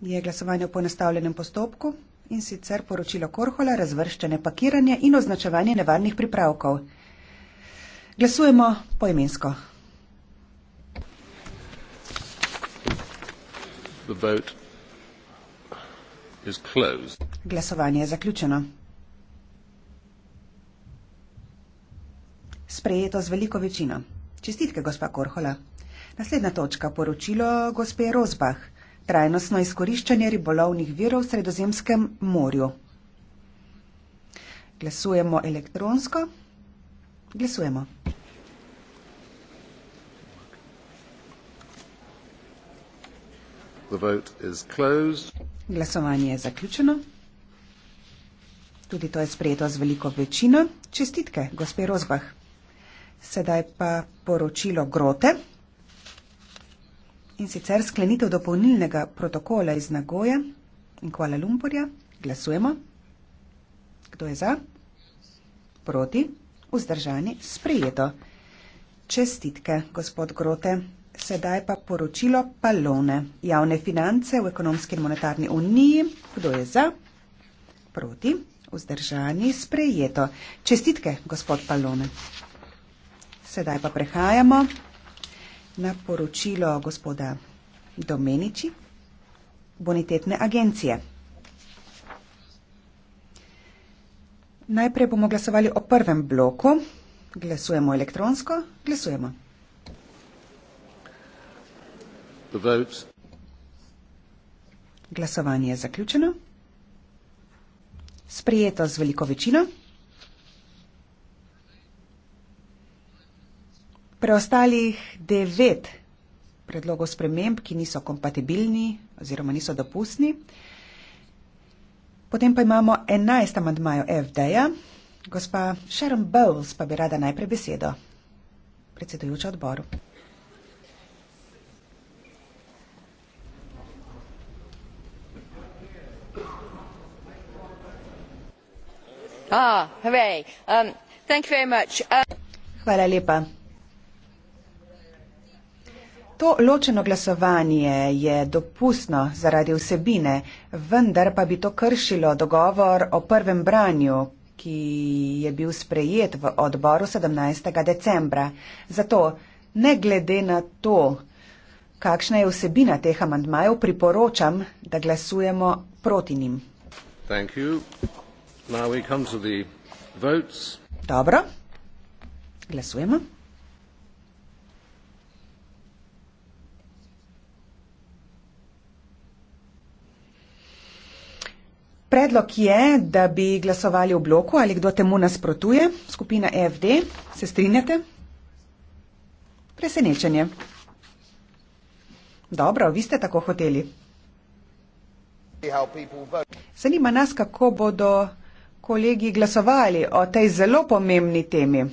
je glasovanje v ponastavljenem postopku in sicer poročilo Korhola, razvrščene pakiranje in označevanje nevarnih pripravkov. Glasujemo poimensko. Glasovanje je zaključeno. Sprejeto z veliko večino. Čestitke, gospa Korhola. Naslednja točka, poročilo gospe Rozbah trajnostno izkoriščanje ribolovnih virov v Sredozemskem morju. Glasujemo elektronsko. Glasujemo. Glasovanje je zaključeno. Tudi to je sprejeto z veliko večino. Čestitke, gospe Rozbah. Sedaj pa poročilo Grote, in sicer sklenitev dopolnilnega protokola iz Nagoja in Kuala Lumpurja. Glasujemo. Kdo je za? Proti? Vzdržani? Sprejeto. Čestitke, gospod Grote. Sedaj pa poročilo Palone. Javne finance v ekonomski in monetarni uniji. Kdo je za? Proti? Vzdržani? Sprejeto. Čestitke, gospod Palone. Sedaj pa prehajamo na poročilo gospoda Domeniči, bonitetne agencije. Najprej bomo glasovali o prvem bloku. Glasujemo elektronsko. Glasujemo. Glasovanje je zaključeno. Sprijeto z veliko večino. Preostalih devet predlogov sprememb, ki niso kompatibilni oziroma niso dopustni. Potem pa imamo 11 amandmajev FD-ja. Gospa Sharon Bowles pa bi rada najprej besedo. Predsedujoča odboru. Ah, um, um, Hvala lepa. To ločeno glasovanje je dopustno zaradi vsebine, vendar pa bi to kršilo dogovor o prvem branju, ki je bil sprejet v odboru 17. decembra. Zato, ne glede na to, kakšna je vsebina teh amantmajev, priporočam, da glasujemo proti njim. Dobro, glasujemo. Predlog je, da bi glasovali v bloku ali kdo temu nasprotuje. Skupina FD, se strinjate? Presenečenje. Dobro, vi ste tako hoteli. Zanima nas, kako bodo kolegi glasovali o tej zelo pomembni temi.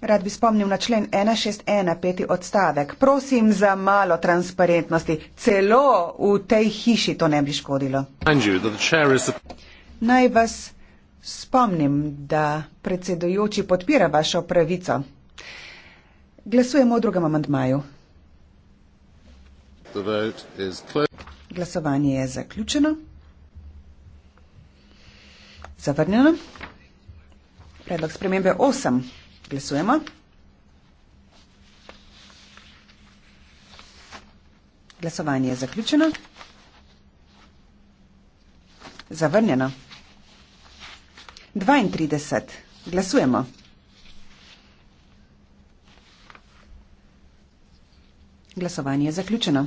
Rad bi spomnil na člen 161, peti odstavek. Prosim za malo transparentnosti. Celo v tej hiši to ne bi škodilo. Naj vas spomnim, da predsedujoči podpira vašo pravico. Glasujemo o drugem amantmaju. Glasovanje je zaključeno. Zavrnjeno. Predlog spremembe 8. Glasujemo. Glasovanje je zaključeno. Zavrnjeno. 32. Glasujemo. Glasovanje je zaključeno.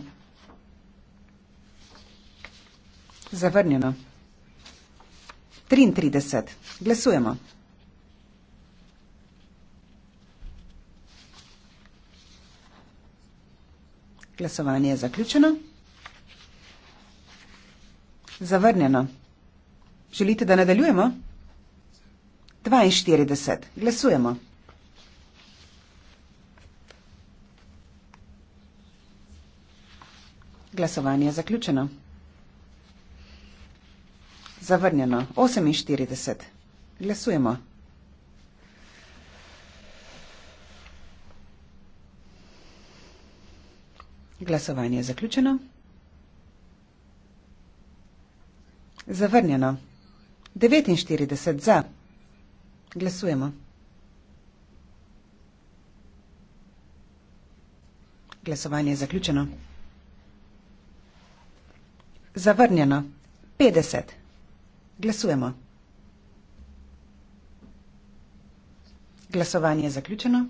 Zavrnjeno. 33. Glasujemo. Glasovanje je zaključeno. Zavrnjeno. Želite, da nadaljujemo? 42. Glasujemo. Glasovanje je zaključeno. Zavrnjeno. 48. Glasujemo. Glasovanje je zaključeno. Zavrnjeno. 49 za. Glasujemo. Glasovanje je zaključeno. Zavrnjeno. 50. Glasujemo. Glasovanje je zaključeno.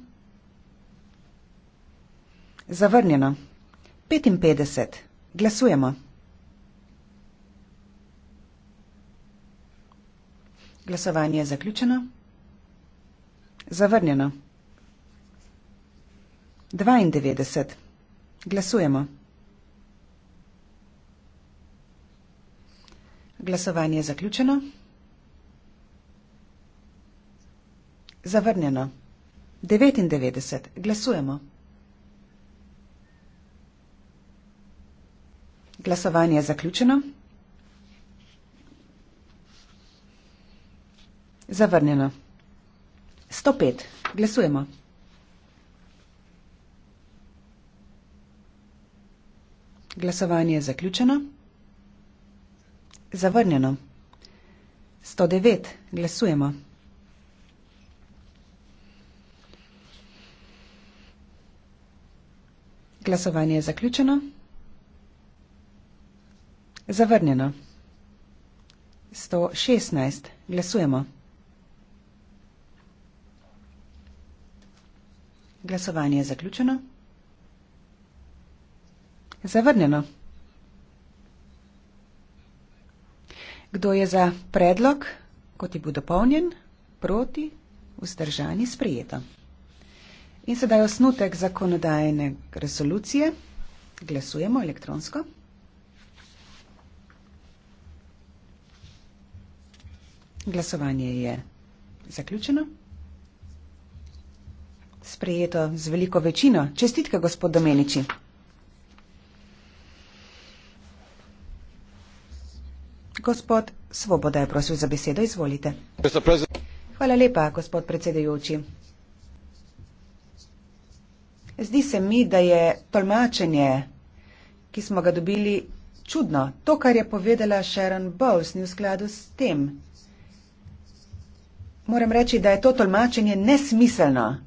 Zavrnjeno. 55. Glasujemo. Glasovanje je zaključeno. Zavrnjeno. 92. Glasujemo. Glasovanje je zaključeno. Zavrnjeno. 99. Glasujemo. Glasovanje je zaključeno. Zavrnjeno. 105. Glasujemo. Glasovanje je zaključeno. Zavrnjeno. 109. Glasujemo. Glasovanje je zaključeno. Zavrnjeno. 116. Glasujemo. Glasovanje je zaključeno. Zavrnjeno. Kdo je za predlog, kot je bil dopolnjen, proti, vzdržani, sprijeto. In sedaj osnutek zakonodajne resolucije. Glasujemo elektronsko. Glasovanje je zaključeno. Sprejeto z veliko večino. Čestitke, gospod Domeniči. Gospod Svoboda je prosil za besedo. Izvolite. Hvala lepa, gospod predsedujoči. Zdi se mi, da je tolmačenje, ki smo ga dobili, čudno. To, kar je povedala Sharon Bowles, ni v skladu s tem, moram reči, da je to tolmačenje nesmiselno.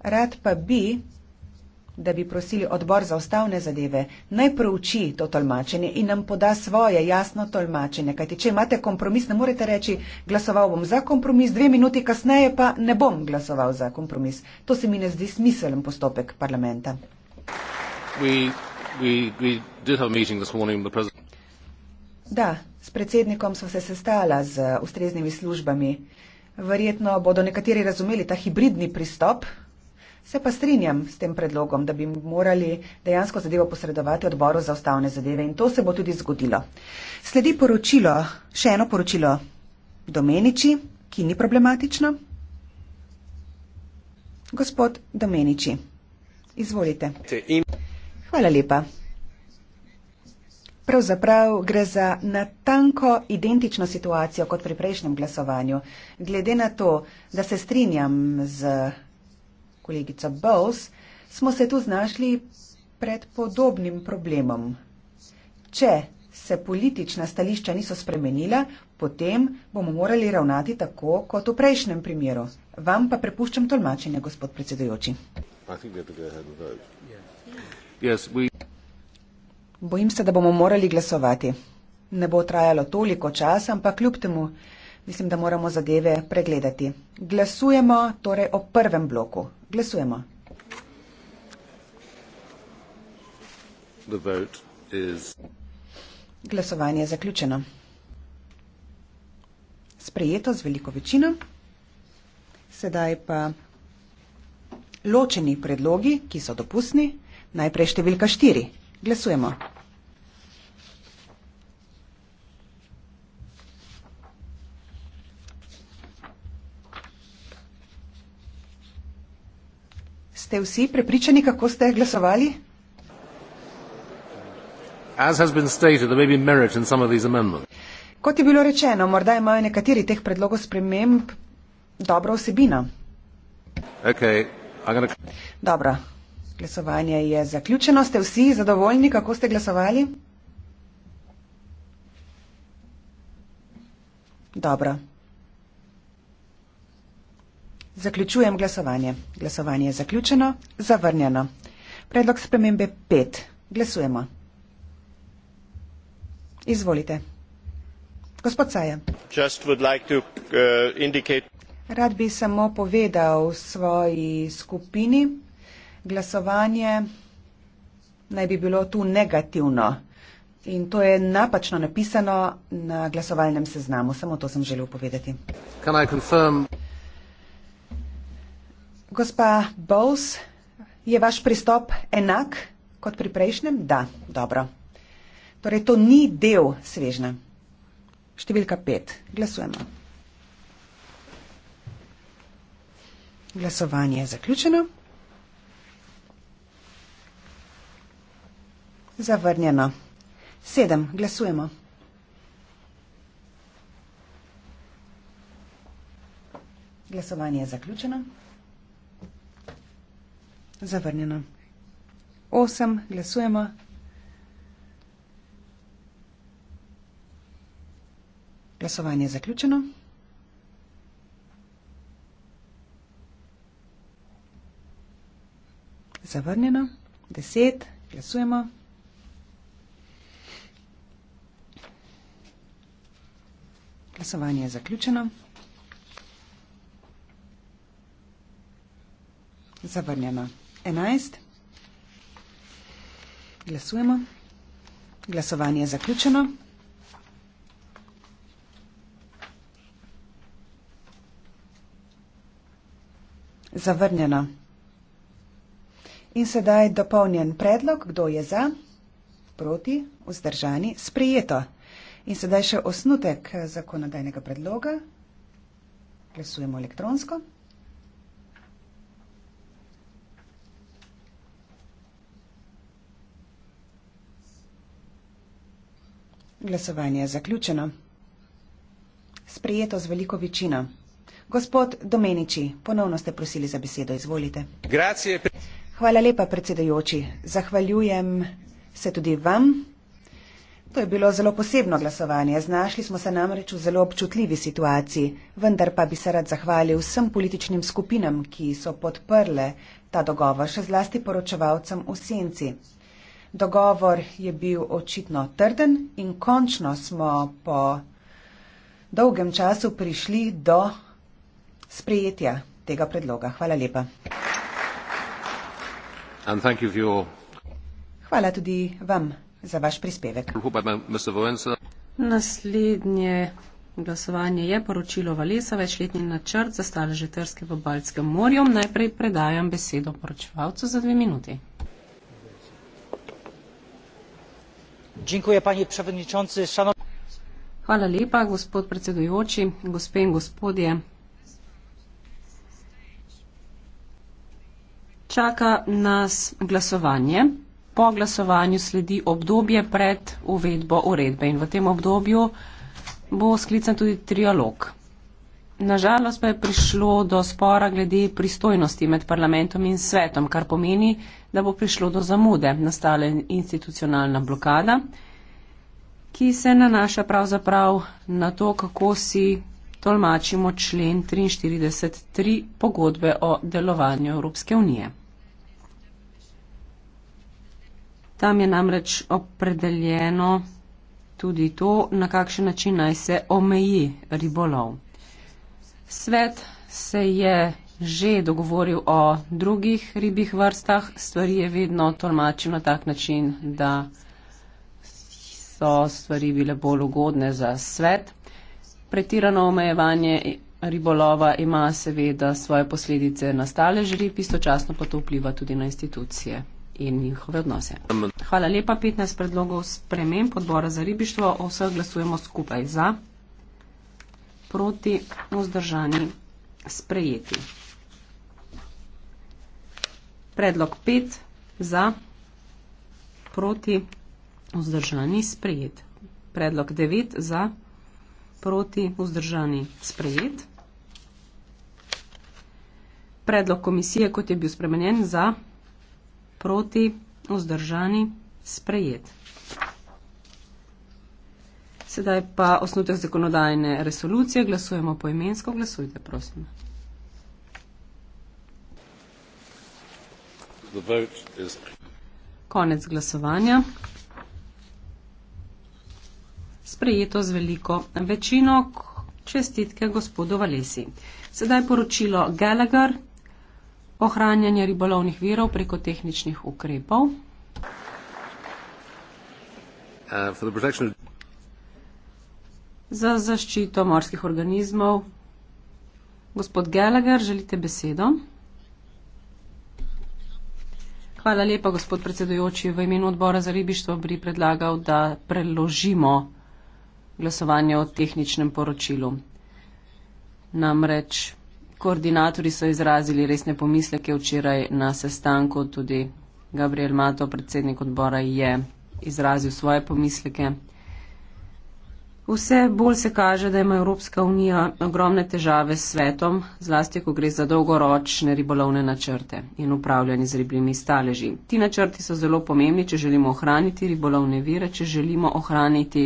Rad pa bi, da bi prosili odbor za ustavne zadeve, naj prouči to tolmačenje in nam poda svoje jasno tolmačenje. Kajti, če imate kompromis, ne morete reči, glasoval bom za kompromis, dve minuti kasneje pa ne bom glasoval za kompromis. To se mi ne zdi smiseln postopek parlamenta. We, we, we da, s predsednikom smo se sestala z ustreznimi službami. Verjetno bodo nekateri razumeli ta hibridni pristop. Se pa strinjam s tem predlogom, da bi morali dejansko zadevo posredovati odboru za ustavne zadeve in to se bo tudi zgodilo. Sledi poročilo, še eno poročilo Domeniči, ki ni problematično. Gospod Domeniči, izvolite. Hvala lepa. Pravzaprav gre za natanko identično situacijo kot pri prejšnjem glasovanju. Glede na to, da se strinjam z kolegico Bowles, smo se tu znašli pred podobnim problemom. Če se politična stališča niso spremenila, potem bomo morali ravnati tako kot v prejšnjem primeru. Vam pa prepuščam tolmačenje, gospod predsedujoči. Yes, we... Bojim se, da bomo morali glasovati. Ne bo trajalo toliko časa, ampak kljub temu mislim, da moramo zadeve pregledati. Glasujemo torej o prvem bloku. Glasujemo. Glasovanje je zaključeno. Sprejeto z veliko večino. Sedaj pa ločeni predlogi, ki so dopustni, najprej številka štiri. Glasujemo. Ste vsi prepričani, kako ste glasovali? Kot je bilo rečeno, morda imajo nekateri teh predlogov sprememb dobro vsebino. Okay, gonna... Dobro, Glasovanje je zaključeno. Ste vsi zadovoljni, kako ste glasovali? Dobro. Zaključujem glasovanje. Glasovanje je zaključeno. Zavrnjeno. Predlog spremembe 5. Glasujemo. Izvolite. Gospod Saja. Uh, Rad bi samo povedal svoji skupini, glasovanje naj bi bilo tu negativno. In to je napačno napisano na glasovalnem seznamu. Samo to sem želel povedati. Gospa Bowles, je vaš pristop enak kot pri prejšnjem? Da, dobro. Torej, to ni del svežne. Številka pet. Glasujemo. Glasovanje je zaključeno. Zavrnjeno. Sedem. Glasujemo. Glasovanje je zaključeno. Zavrnjeno. Osem. Glasujemo. Glasovanje je zaključeno. Zavrnjeno. Deset. Glasujemo. Glasovanje je zaključeno. Zavrnjeno. 11. Glasujemo. Glasovanje je zaključeno. Zavrnjeno. In sedaj dopolnjen predlog, kdo je za, proti, vzdržani, sprijeto. In sedaj še osnutek zakonodajnega predloga. Glasujemo elektronsko. Glasovanje je zaključeno. Sprijeto z veliko večino. Gospod Domeniči, ponovno ste prosili za besedo. Izvolite. Hvala lepa, predsedajoči. Zahvaljujem se tudi vam. To je bilo zelo posebno glasovanje. Znašli smo se namreč v zelo občutljivi situaciji, vendar pa bi se rad zahvalil vsem političnim skupinam, ki so podprle ta dogovor, še zlasti poročevalcem v senci. Dogovor je bil očitno trden in končno smo po dolgem času prišli do sprejetja tega predloga. Hvala lepa. Hvala tudi vam za vaš prispevek. Naslednje glasovanje je poročilo Valesa, večletni načrt za staleže Trske v Baljskem morju. Najprej predajam besedo poročevalcu za dve minuti. Hvala lepa, gospod predsedujoči, gospe in gospodje. Čaka nas glasovanje po glasovanju sledi obdobje pred uvedbo uredbe in v tem obdobju bo sklican tudi trialog. Nažalost pa je prišlo do spora glede pristojnosti med parlamentom in svetom, kar pomeni, da bo prišlo do zamude, nastala je institucionalna blokada, ki se nanaša pravzaprav na to, kako si tolmačimo člen 43.3 pogodbe o delovanju Evropske unije. Tam je namreč opredeljeno tudi to, na kakšen način naj se omeji ribolov. Svet se je že dogovoril o drugih ribih vrstah, stvari je vedno tolmačil na tak način, da so stvari bile bolj ugodne za svet. Pretirano omejevanje ribolova ima seveda svoje posledice na stalež rib, istočasno pa to vpliva tudi na institucije in njihove odnose. Hvala lepa. 15 predlogov sprememb podbora za ribištvo. O vseh glasujemo skupaj za, proti, vzdržani, sprejeti. Predlog 5 za, proti, vzdržani, sprejet. Predlog 9 za, proti, vzdržani, sprejet. Predlog komisije, kot je bil spremenjen, za, proti, vzdržani, sprejet proti, vzdržani, sprejet. Sedaj pa osnutek zakonodajne resolucije. Glasujemo poimensko. Glasujte, prosim. Konec glasovanja. Sprejeto z veliko večino. Čestitke gospodu Valesi. Sedaj poročilo Gallagher, ohranjanje ribolovnih virov preko tehničnih ukrepov. Uh, za zaščito morskih organizmov. Gospod Gallagher, želite besedo? Hvala lepa, gospod predsedujoči. V imenu odbora za ribištvo bi predlagal, da preložimo glasovanje o tehničnem poročilu. Namreč Koordinatori so izrazili resne pomisleke včeraj na sestanku, tudi Gabriel Mato, predsednik odbora, je izrazil svoje pomisleke. Vse bolj se kaže, da ima Evropska unija ogromne težave s svetom, zlasti ko gre za dolgoročne ribolovne načrte in upravljanje z ribljimi staleži. Ti načrti so zelo pomembni, če želimo ohraniti ribolovne vire, če želimo ohraniti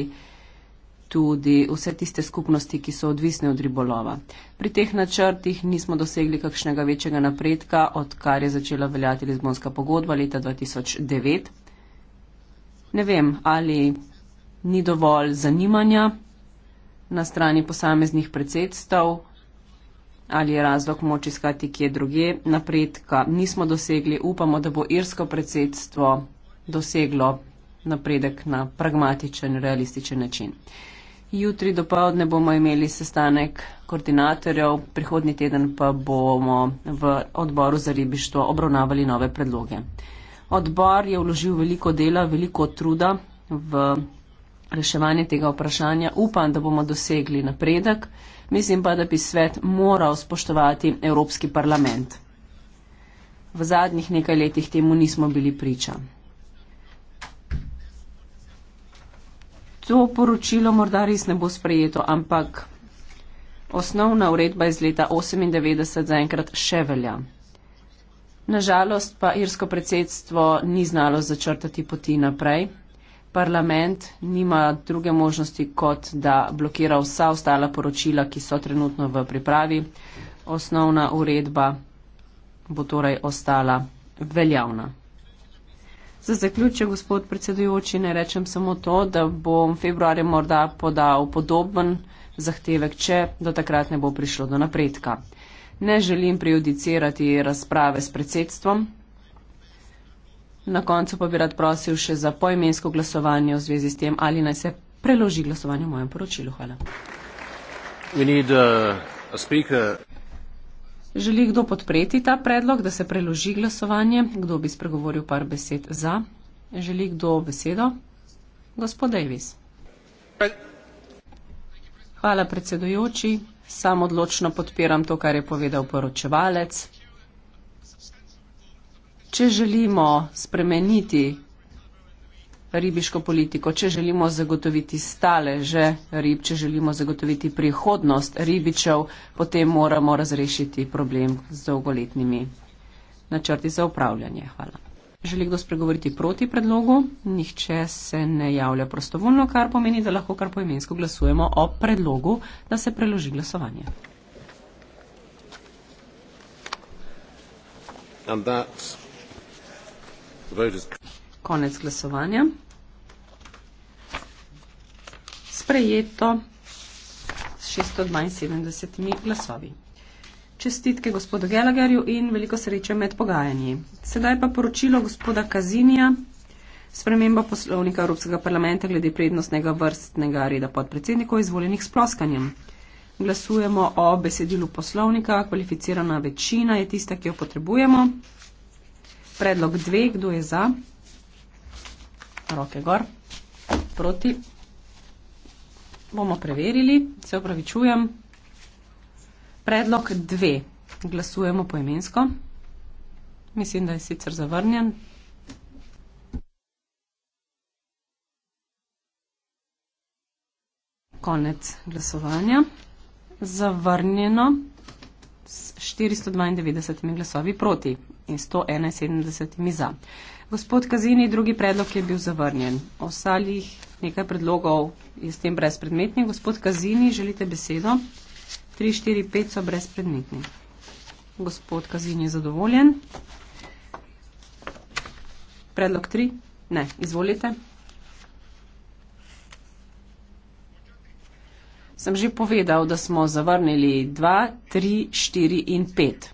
tudi vse tiste skupnosti, ki so odvisne od ribolova. Pri teh načrtih nismo dosegli kakšnega večjega napredka, odkar je začela veljati Lizbonska pogodba leta 2009. Ne vem, ali ni dovolj zanimanja na strani posameznih predsedstv, ali je razlog moč iskati kje druge. Napredka nismo dosegli, upamo, da bo irsko predsedstvo doseglo napredek na pragmatičen, realističen način. Jutri do povdne bomo imeli sestanek koordinatorjev, prihodnji teden pa bomo v odboru za ribištvo obravnavali nove predloge. Odbor je vložil veliko dela, veliko truda v reševanje tega vprašanja. Upam, da bomo dosegli napredek. Mislim pa, da bi svet moral spoštovati Evropski parlament. V zadnjih nekaj letih temu nismo bili priča. to poročilo morda res ne bo sprejeto, ampak osnovna uredba iz leta 1998 zaenkrat še velja. Nažalost pa irsko predsedstvo ni znalo začrtati poti naprej. Parlament nima druge možnosti, kot da blokira vsa ostala poročila, ki so trenutno v pripravi. Osnovna uredba bo torej ostala veljavna. Za zaključek, gospod predsedujoči, ne rečem samo to, da bom februarja morda podal podoben zahtevek, če do takrat ne bo prišlo do napredka. Ne želim prejudicirati razprave s predsedstvom. Na koncu pa bi rad prosil še za poimensko glasovanje v zvezi s tem, ali naj se preloži glasovanje v mojem poročilu. Hvala. Želi kdo podpreti ta predlog, da se preloži glasovanje? Kdo bi spregovoril par besed za? Želi kdo besedo? Gospod Davis. Hvala, predsedujoči. Sam odločno podpiram to, kar je povedal poročevalec. Če želimo spremeniti ribiško politiko, če želimo zagotoviti staleže rib, če želimo zagotoviti prihodnost ribičev, potem moramo razrešiti problem z dolgoletnimi načrti za upravljanje. Hvala. Želi kdo spregovoriti proti predlogu? Nihče se ne javlja prostovoljno, kar pomeni, da lahko kar poimensko glasujemo o predlogu, da se preloži glasovanje. Konec glasovanja sprejeto s 672 glasovi. Čestitke gospodu Gelagerju in veliko sreče med pogajanji. Sedaj pa poročilo gospoda Kazinija, sprememba poslovnika Evropskega parlamenta glede prednostnega vrstnega reda podpredsednikov izvoljenih s ploskanjem. Glasujemo o besedilu poslovnika, kvalificirana večina je tista, ki jo potrebujemo. Predlog dve, kdo je za? Roke gor. Proti. Bomo preverili, se opravičujem. Predlog dve. Glasujemo poimensko. Mislim, da je sicer zavrnjen. Konec glasovanja. Zavrnjeno s 492 glasovi proti in 171 za. Gospod Kazini, drugi predlog je bil zavrnjen. Ostalih nekaj predlogov je s tem brezpredmetni. Gospod Kazini, želite besedo? 3, 4, 5 so brezpredmetni. Gospod Kazini je zadovoljen. Predlog 3? Ne, izvolite. Sem že povedal, da smo zavrnili 2, 3, 4 in 5.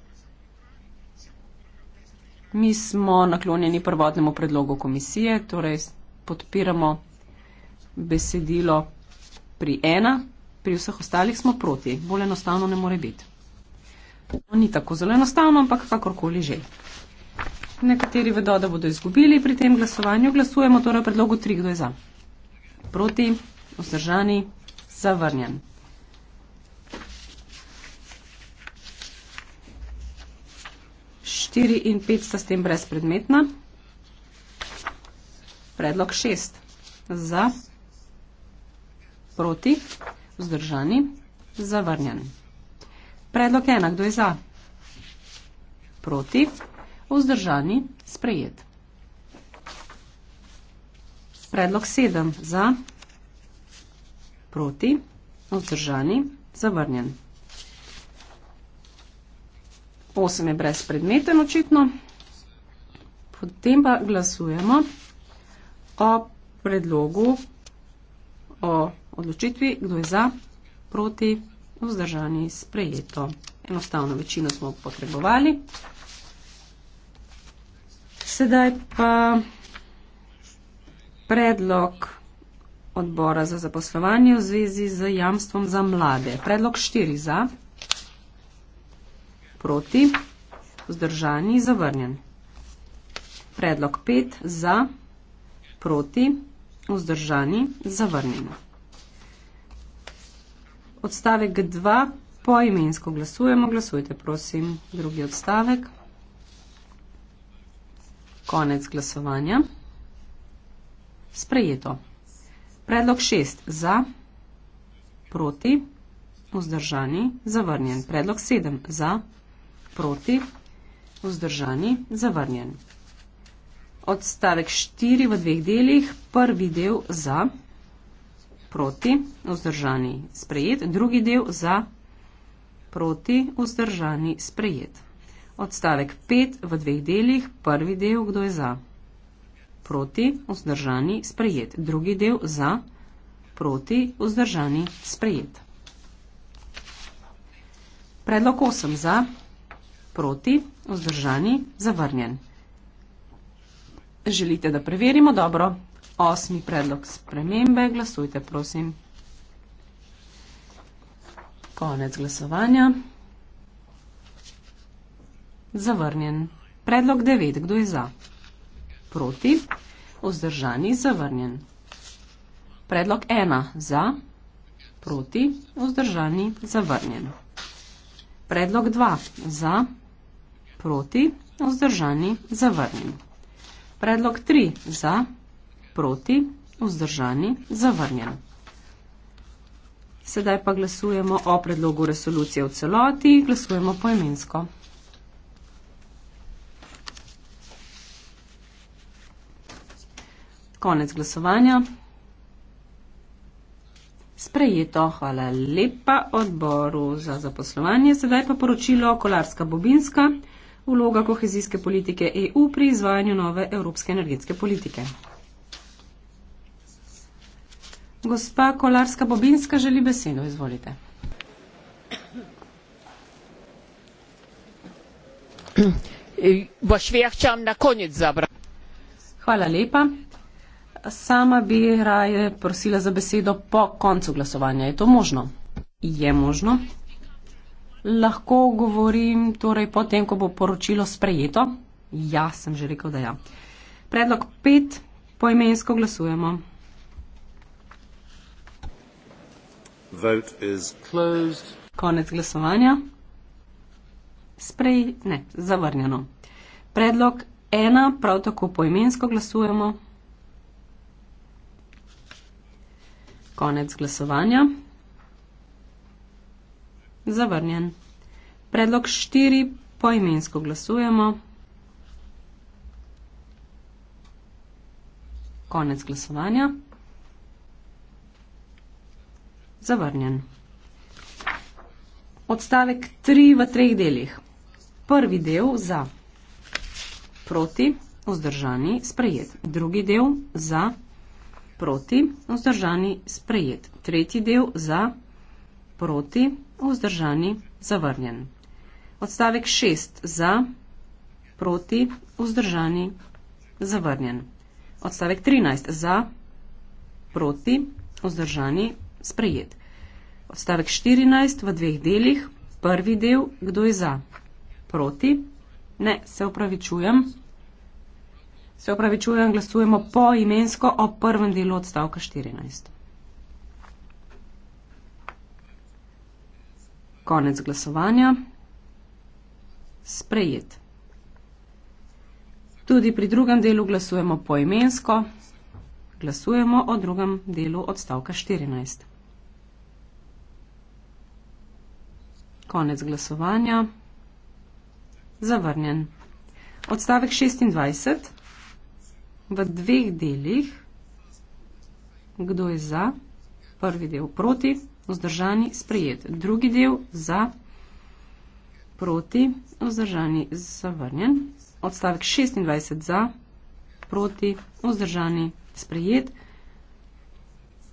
Mi smo naklonjeni prvotnemu predlogu komisije, torej podpiramo besedilo pri ena, pri vseh ostalih smo proti. Bolje enostavno ne more biti. No, ni tako zelo enostavno, ampak kakorkoli že. Nekateri vedo, da bodo izgubili pri tem glasovanju. Glasujemo torej o predlogu 3, kdo je za. Proti, vzdržani, zavrnjen. Štiri in pet sta s tem brezpredmetna. Predlog šest. Za, Proti? Vzdržani? Zavrnjen. Predlog ena. Kdo je za? Proti? Vzdržani? Sprejet. Predlog sedem. Za? Proti? Vzdržani? Zavrnjen. Osem je brezpredmeten očitno. Potem pa glasujemo o predlogu o predlogu odločitvi, kdo je za, proti, vzdržani, sprejeto. Enostavno večino smo potrebovali. Sedaj pa predlog odbora za zaposlovanje v zvezi z jamstvom za mlade. Predlog štiri za, proti, vzdržani, zavrnjen. Predlog pet za, proti, vzdržani, zavrnjen odstavek 2 poimensko glasujemo. Glasujte, prosim, drugi odstavek. Konec glasovanja. Sprejeto. Predlog 6 za, proti, vzdržani, zavrnjen. Predlog 7 za, proti, vzdržani, zavrnjen. Odstavek 4 v dveh delih. Prvi del za proti, vzdržani, sprejet, drugi del za, proti, vzdržani, sprejet. Odstavek 5 v dveh delih, prvi del, kdo je za, proti, vzdržani, sprejet, drugi del za, proti, vzdržani, sprejet. Predlog 8 za, proti, vzdržani, zavrnjen. Želite, da preverimo dobro? osmi predlog spremembe. Glasujte, prosim. Konec glasovanja. Zavrnjen. Predlog 9. Kdo je za? Proti. Vzdržani. Zavrnjen. Predlog 1. Za. Proti. Vzdržani. Zavrnjen. Predlog 2. Za. Proti. Vzdržani. Zavrnjen. Predlog 3. Za. Proti proti, vzdržani, zavrnjen. Sedaj pa glasujemo o predlogu resolucije v celoti, glasujemo poimensko. Konec glasovanja. Sprejeto, hvala lepa odboru za zaposlovanje. Sedaj pa poročilo Kolarska Bobinska, vloga kohezijske politike EU pri izvajanju nove evropske energetske politike. Gospa Kolarska Bobinska želi besedo, izvolite. Ja Hvala lepa. Sama bi raje prosila za besedo po koncu glasovanja. Je to možno? Je možno. Lahko govorim torej potem, ko bo poročilo sprejeto? Ja, sem že rekel, da ja. Predlog pet, poimensko glasujemo. Vote is closed. Konec glasovanja. Sprej, ne, zavrnjeno. Predlog ena, prav tako poimensko glasujemo. Konec glasovanja. Zavrnjen. Predlog štiri, poimensko glasujemo. Konec glasovanja zavrnjen. Odstavek 3 v treh delih. Prvi del za proti, vzdržani, sprejet. Drugi del za proti, vzdržani, sprejet. Tretji del za proti, vzdržani, zavrnjen. Odstavek 6 za proti, vzdržani, zavrnjen. Odstavek 13 za proti, vzdržani, sprejet. Odstavek 14 v dveh delih. Prvi del, kdo je za? Proti? Ne, se upravičujem. Se upravičujem, glasujemo po imensko o prvem delu odstavka 14. Konec glasovanja. Sprejet. Tudi pri drugem delu glasujemo po imensko. Glasujemo o drugem delu odstavka 14. Konec glasovanja. Zavrnjen. Odstavek 26. V dveh delih. Kdo je za? Prvi del proti, vzdržani, sprejet. Drugi del za, proti, vzdržani, zavrnjen. Odstavek 26 za, proti, vzdržani, sprejet.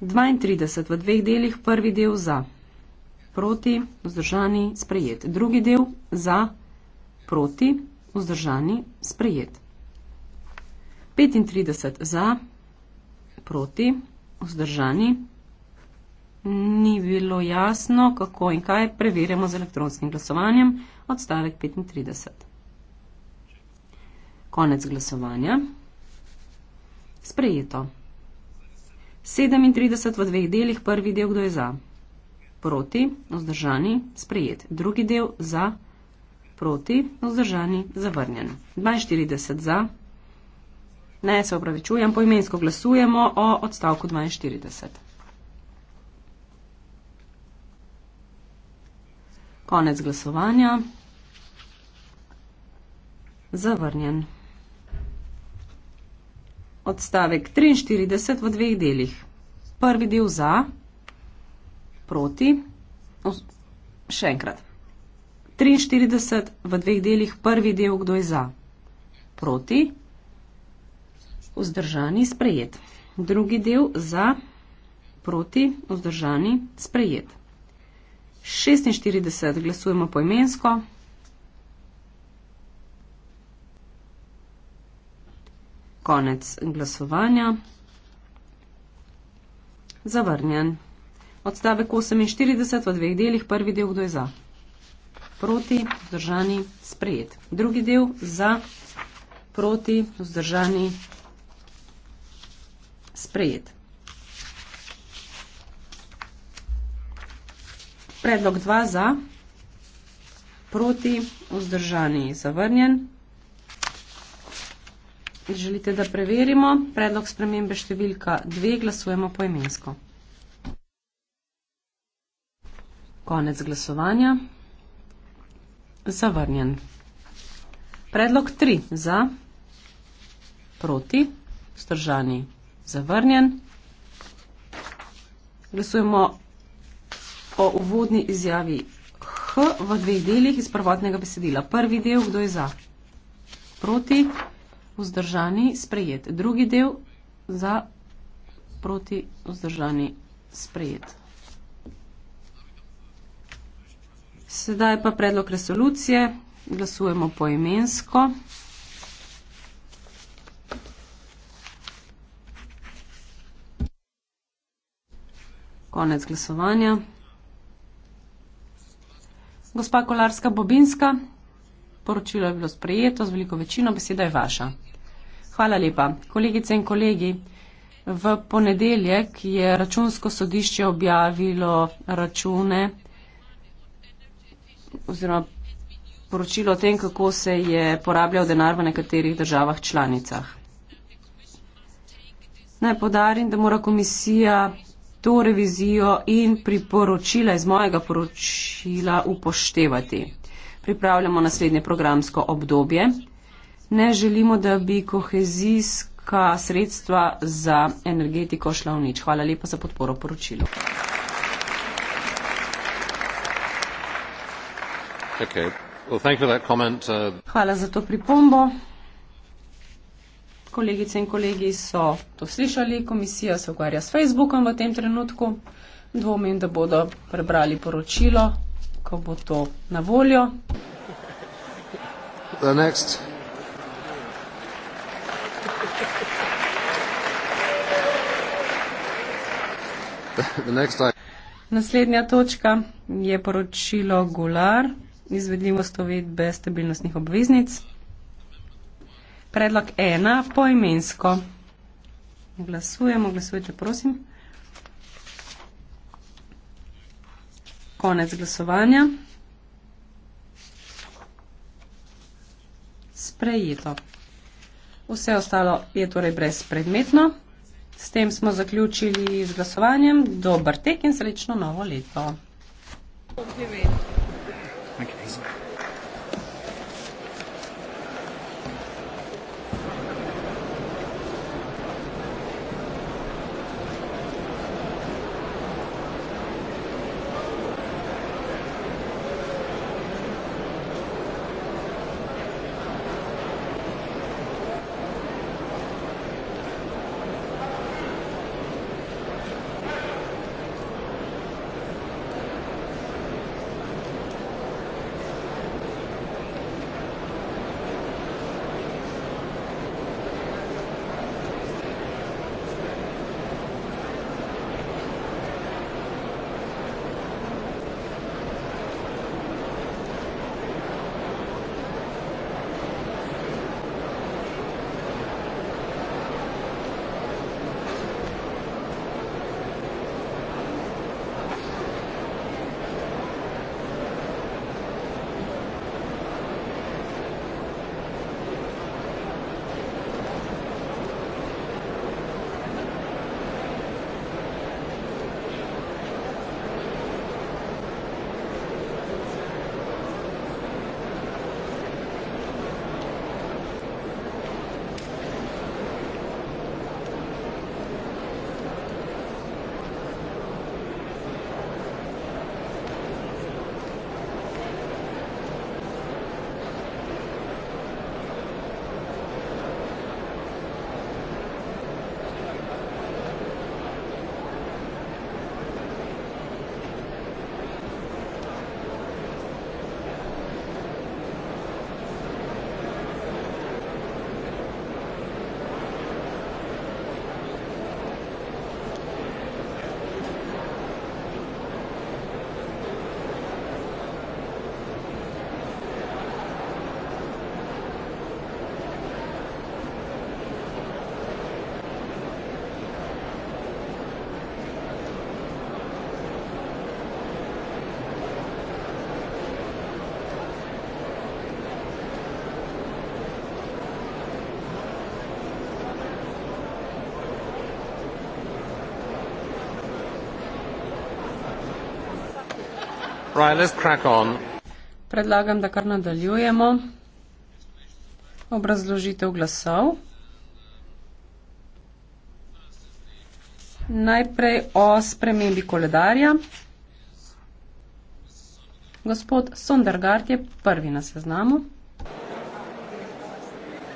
32 v dveh delih, prvi del za proti, vzdržani, sprejet. Drugi del za, proti, vzdržani, sprejet. 35 za, proti, vzdržani. Ni bilo jasno, kako in kaj preverjamo z elektronskim glasovanjem. Odstavek 35. Konec glasovanja. Sprejeto. 37 v dveh delih, prvi del, kdo je za proti, vzdržani, sprejet. Drugi del za, proti, vzdržani, zavrnjen. 42 za, ne se opravičujem, poimensko glasujemo o odstavku 42. Konec glasovanja. Zavrnjen. Odstavek 43 v dveh delih. Prvi del za, proti. Še enkrat. 43 v dveh delih, prvi del, kdo je za. Proti. Vzdržani, sprejet. Drugi del za, proti, vzdržani, sprejet. 46 glasujemo poimensko. Konec glasovanja. Zavrnjen. Odstavek 48 v dveh delih, prvi del, kdo je za? Proti, vzdržani, sprejet. Drugi del, za, proti, vzdržani, sprejet. Predlog 2 za, proti, vzdržani, zavrnjen. Želite, da preverimo predlog spremembe številka 2, glasujemo po imensko. Konec glasovanja. Zavrnjen. Predlog 3. Za. Proti. Zdržani. Zavrnjen. Glasujemo o uvodni izjavi H v dveh delih iz prvotnega besedila. Prvi del, kdo je za? Proti. Vzdržani. Sprejet. Drugi del, za. Proti. Vzdržani. Sprejet. Sedaj pa predlog resolucije. Glasujemo poimensko. Konec glasovanja. Gospa Kolarska Bobinska, poročilo je bilo sprejeto z veliko večino, beseda je vaša. Hvala lepa. Kolegice in kolegi, v ponedeljek je računsko sodišče objavilo račune oziroma poročilo o tem, kako se je porabljal denar v nekaterih državah članicah. Naj podarim, da mora komisija to revizijo in priporočila iz mojega poročila upoštevati. Pripravljamo naslednje programsko obdobje. Ne želimo, da bi kohezijska sredstva za energetiko šla v nič. Hvala lepa za podporo poročilu. Uh, Hvala za to pripombo. Kolegice in kolegi so to slišali, komisija se ukvarja s Facebookom v tem trenutku. Dvomim, da bodo prebrali poročilo, ko bo to na voljo. Naslednja točka je poročilo Gular izvedljivost uvedbe stabilnostnih obveznic. Predlog ena, poimensko. Glasujemo, glasujte prosim. Konec glasovanja. Sprejeto. Vse ostalo je torej brezpredmetno. S tem smo zaključili z glasovanjem. Dobar tek in srečno novo leto. Okay. Predlagam, da kar nadaljujemo. Obrazložitev glasov. Najprej o spremembi koledarja. Gospod Sondergard je prvi na seznamu.